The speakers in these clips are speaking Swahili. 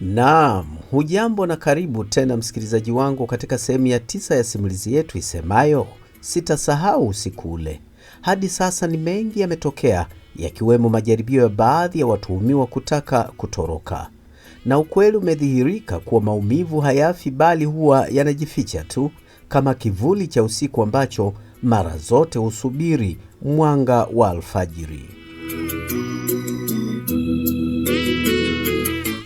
Naam, hujambo na karibu tena msikilizaji wangu katika sehemu ya tisa ya simulizi yetu isemayo Sitasahau usiku ule. Hadi sasa ni mengi yametokea, yakiwemo majaribio ya baadhi ya watuhumiwa kutaka kutoroka, na ukweli umedhihirika kuwa maumivu hayafi bali huwa yanajificha tu kama kivuli cha usiku ambacho mara zote husubiri mwanga wa alfajiri.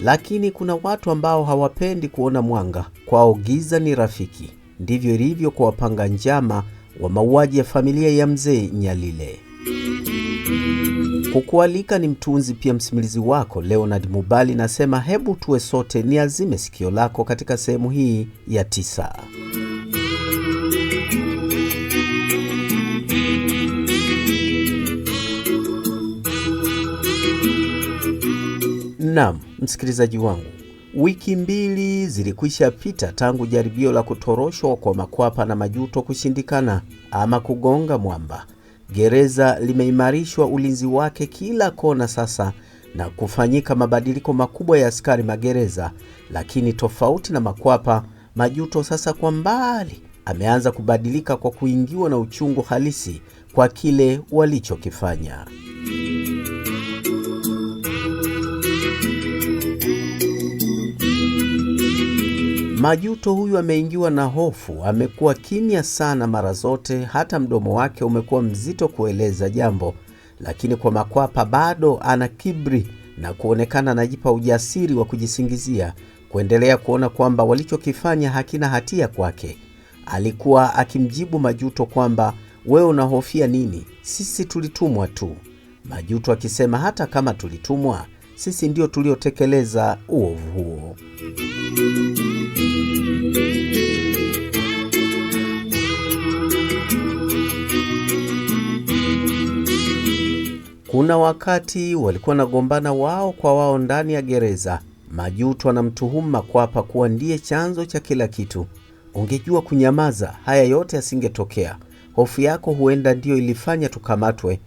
Lakini kuna watu ambao hawapendi kuona mwanga, kwao giza ni rafiki. Ndivyo ilivyo kwa wapanga njama wa mauaji ya familia ya mzee Nyalile. Kukualika ni mtunzi pia msimulizi wako Leonard Mubali, nasema hebu tuwe sote niazime sikio lako katika sehemu hii ya tisa. msikilizaji wangu, wiki mbili zilikwisha pita tangu jaribio la kutoroshwa kwa Makwapa na Majuto kushindikana ama kugonga mwamba. Gereza limeimarishwa ulinzi wake kila kona sasa na kufanyika mabadiliko makubwa ya askari magereza, lakini tofauti na Makwapa, Majuto sasa kwa mbali ameanza kubadilika kwa kuingiwa na uchungu halisi kwa kile walichokifanya. Majuto huyu ameingiwa na hofu, amekuwa kimya sana mara zote, hata mdomo wake umekuwa mzito kueleza jambo, lakini kwa Makwapa bado ana kibri na kuonekana anajipa ujasiri wa kujisingizia, kuendelea kuona kwamba walichokifanya hakina hatia kwake. Alikuwa akimjibu Majuto kwamba wewe unahofia nini? Sisi tulitumwa tu. Majuto akisema hata kama tulitumwa, sisi ndio tuliotekeleza uovu huo. Kuna wakati walikuwa wanagombana wao kwa wao ndani ya gereza. Majuto anamtuhuma kwapa kuwa ndiye chanzo cha kila kitu. Ungejua kunyamaza, haya yote yasingetokea. Hofu yako huenda ndiyo ilifanya tukamatwe.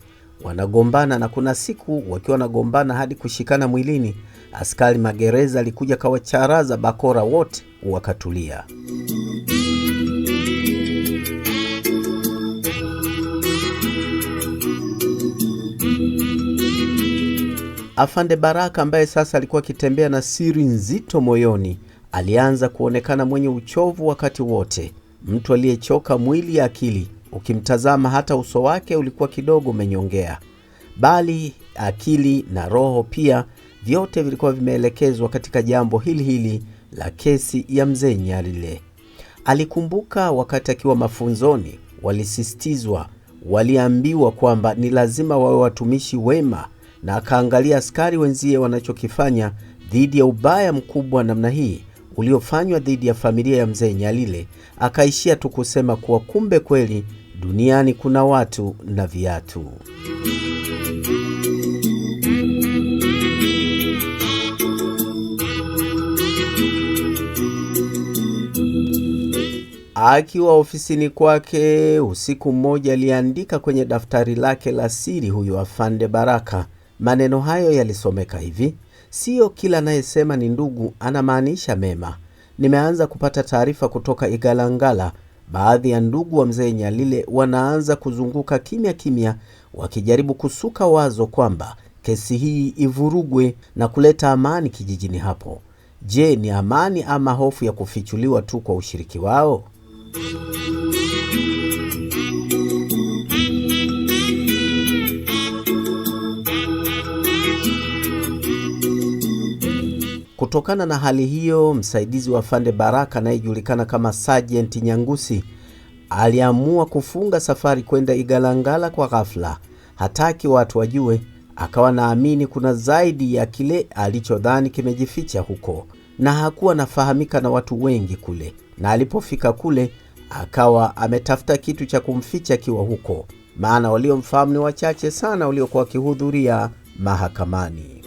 Wanagombana na kuna siku wakiwa wanagombana hadi kushikana mwilini, askari magereza alikuja kawacharaza bakora wote, wakatulia. Afande Baraka ambaye sasa alikuwa akitembea na siri nzito moyoni, alianza kuonekana mwenye uchovu wakati wote, mtu aliyechoka mwili ya akili. Ukimtazama hata uso wake ulikuwa kidogo umenyongea, bali akili na roho pia, vyote vilikuwa vimeelekezwa katika jambo hili hili la kesi ya mzee Nyarile. Alikumbuka wakati akiwa mafunzoni, walisisitizwa, waliambiwa kwamba ni lazima wawe watumishi wema na akaangalia askari wenzie wanachokifanya dhidi ya ubaya mkubwa namna hii uliofanywa dhidi ya familia ya mzee Nyalile, akaishia tu kusema kuwa kumbe kweli duniani kuna watu na viatu. Akiwa ofisini kwake usiku mmoja, aliandika kwenye daftari lake la siri huyo Afande Baraka Maneno hayo yalisomeka hivi: sio kila anayesema ni ndugu anamaanisha mema. Nimeanza kupata taarifa kutoka Igalangala, baadhi ya ndugu wa mzee Nyalile wanaanza kuzunguka kimya kimya, wakijaribu kusuka wazo kwamba kesi hii ivurugwe na kuleta amani kijijini hapo. Je, ni amani ama hofu ya kufichuliwa tu kwa ushiriki wao? Kutokana na hali hiyo, msaidizi wa Fande Baraka anayejulikana kama Sajenti Nyangusi aliamua kufunga safari kwenda Igalangala kwa ghafla, hataki watu wajue. Akawa naamini kuna zaidi ya kile alichodhani kimejificha huko, na hakuwa nafahamika na watu wengi kule, na alipofika kule akawa ametafuta kitu cha kumficha akiwa huko, maana waliomfahamu ni wachache sana waliokuwa wakihudhuria mahakamani.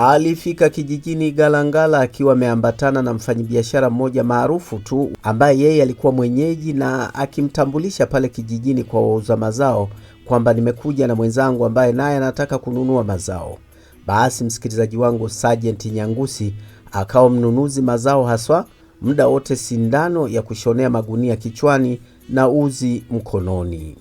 alifika kijijini Galangala akiwa ameambatana na mfanyabiashara mmoja maarufu tu ambaye yeye alikuwa mwenyeji, na akimtambulisha pale kijijini kwa wauza mazao kwamba nimekuja na mwenzangu ambaye naye anataka kununua mazao. Basi msikilizaji wangu, Sergeant Nyangusi akawa mnunuzi mazao haswa, muda wote sindano ya kushonea magunia kichwani na uzi mkononi.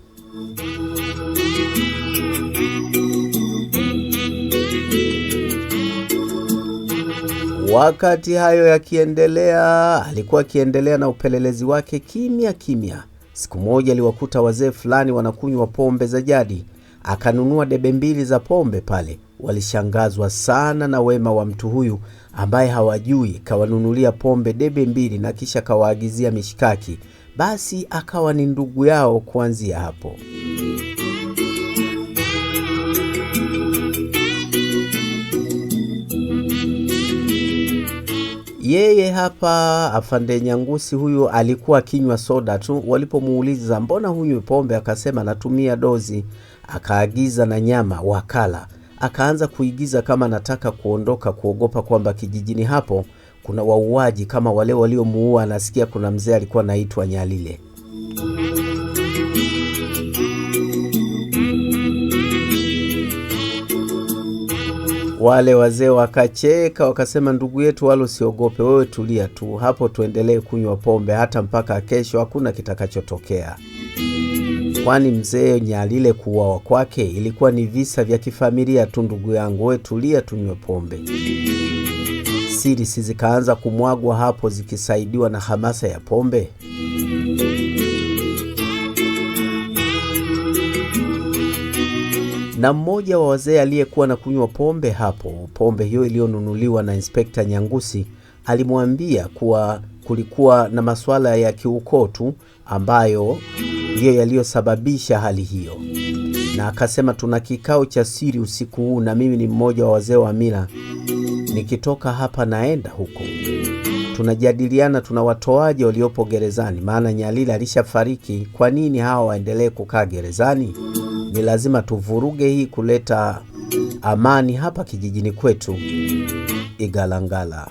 Wakati hayo yakiendelea, alikuwa akiendelea na upelelezi wake kimya kimya. Siku moja aliwakuta wazee fulani wanakunywa pombe za jadi, akanunua debe mbili za pombe pale. Walishangazwa sana na wema wa mtu huyu ambaye hawajui, kawanunulia pombe debe mbili na kisha kawaagizia mishikaki. Basi akawa ni ndugu yao kuanzia hapo. Yeye hapa afande Nyangusi huyu alikuwa akinywa soda tu. Walipomuuliza mbona hunywi pombe, akasema natumia dozi. Akaagiza na nyama wakala, akaanza kuigiza kama anataka kuondoka, kuogopa kwamba kijijini hapo kuna wauaji kama wale waliomuua. Anasikia kuna mzee alikuwa anaitwa Nyalile. Wale wazee wakacheka wakasema, ndugu yetu, wala usiogope wewe, tulia tu hapo, tuendelee kunywa pombe hata mpaka kesho, hakuna kitakachotokea. Kwani mzee Nyalile kuuawa kwake ilikuwa ni visa vya kifamilia tu, ndugu yangu, wewe tulia, tunywe pombe. Siri zikaanza kumwagwa hapo, zikisaidiwa na hamasa ya pombe. na mmoja wa wazee aliyekuwa na kunywa pombe hapo, pombe hiyo iliyonunuliwa na Inspekta Nyangusi, alimwambia kuwa kulikuwa na masuala ya kiukoo tu ambayo ndiyo yaliyosababisha hali hiyo, na akasema tuna kikao cha siri usiku huu, na mimi ni mmoja wa wazee wa mila, nikitoka hapa naenda huko tunajadiliana tuna watoaji waliopo gerezani, maana Nyalila alishafariki. Kwa nini hawa waendelee kukaa gerezani? ni lazima tuvuruge hii kuleta amani hapa kijijini kwetu Igalangala.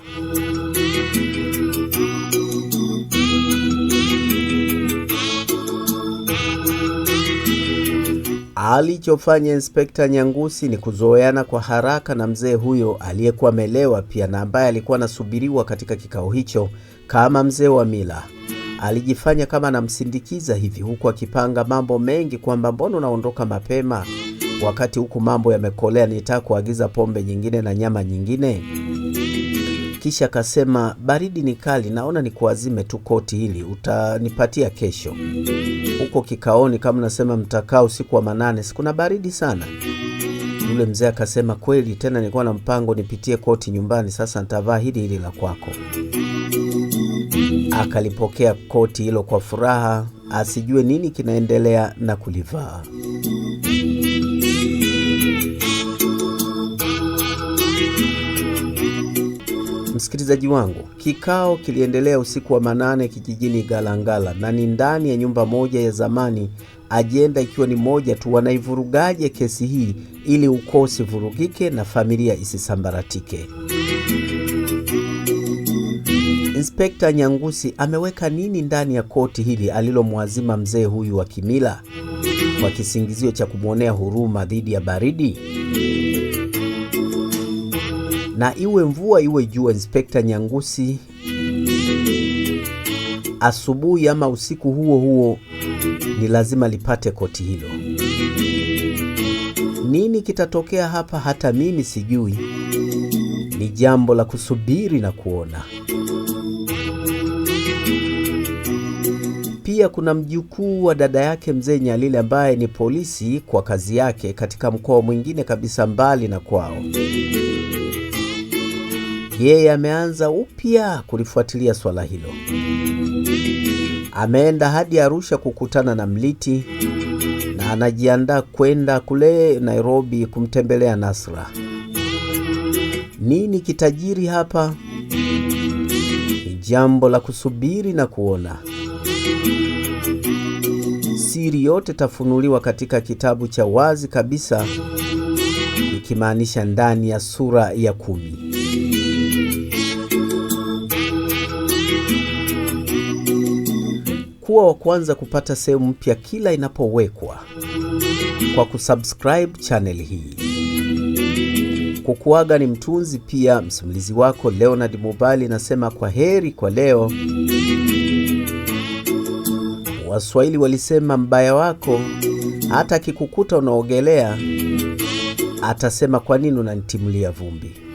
Alichofanya Inspekta Nyangusi ni kuzoeana kwa haraka na mzee huyo aliyekuwa amelewa pia na ambaye alikuwa anasubiriwa katika kikao hicho kama mzee wa mila. Alijifanya kama anamsindikiza hivi huku akipanga mambo mengi kwamba mbona unaondoka mapema wakati huku mambo yamekolea, nitaka kuagiza pombe nyingine na nyama nyingine. Kisha akasema baridi ni kali, naona nikuazime tu koti hili, utanipatia kesho. Huko kikaoni kama nasema mtakaa usiku wa manane, sikuna baridi sana. Yule mzee akasema kweli, tena nilikuwa na mpango nipitie koti nyumbani, sasa nitavaa hili hili la kwako. Akalipokea koti hilo kwa furaha, asijue nini kinaendelea na kulivaa. Msikilizaji wangu, kikao kiliendelea usiku wa manane kijijini Galangala, na ni ndani ya nyumba moja ya zamani, ajenda ikiwa ni moja tu, wanaivurugaje kesi hii ili ukoo usivurugike na familia isisambaratike. Inspekta Nyangusi ameweka nini ndani ya koti hili alilomwazima mzee huyu wa kimila kwa kisingizio cha kumwonea huruma dhidi ya baridi? Na iwe mvua iwe jua, Inspekta Nyangusi asubuhi ama usiku huo huo ni lazima lipate koti hilo. Nini kitatokea hapa, hata mimi sijui. Ni jambo la kusubiri na kuona. Pia kuna mjukuu wa dada yake mzee Nyalile ambaye ni polisi kwa kazi yake katika mkoa mwingine kabisa mbali na kwao. Yeye ameanza upya kulifuatilia swala hilo. Ameenda hadi Arusha kukutana na Mliti na anajiandaa kwenda kule Nairobi kumtembelea Nasra. Nini kitajiri hapa? Ni jambo la kusubiri na kuona siri yote tafunuliwa katika kitabu cha wazi kabisa, ikimaanisha ndani ya sura ya kumi. Kuwa wa kwanza kupata sehemu mpya kila inapowekwa kwa kusubscribe channel hii. Kukuaga ni mtunzi pia msimulizi wako Leonard Mubali, nasema kwa heri kwa leo. Waswahili walisema mbaya wako hata akikukuta unaogelea atasema kwa nini unanitimulia vumbi.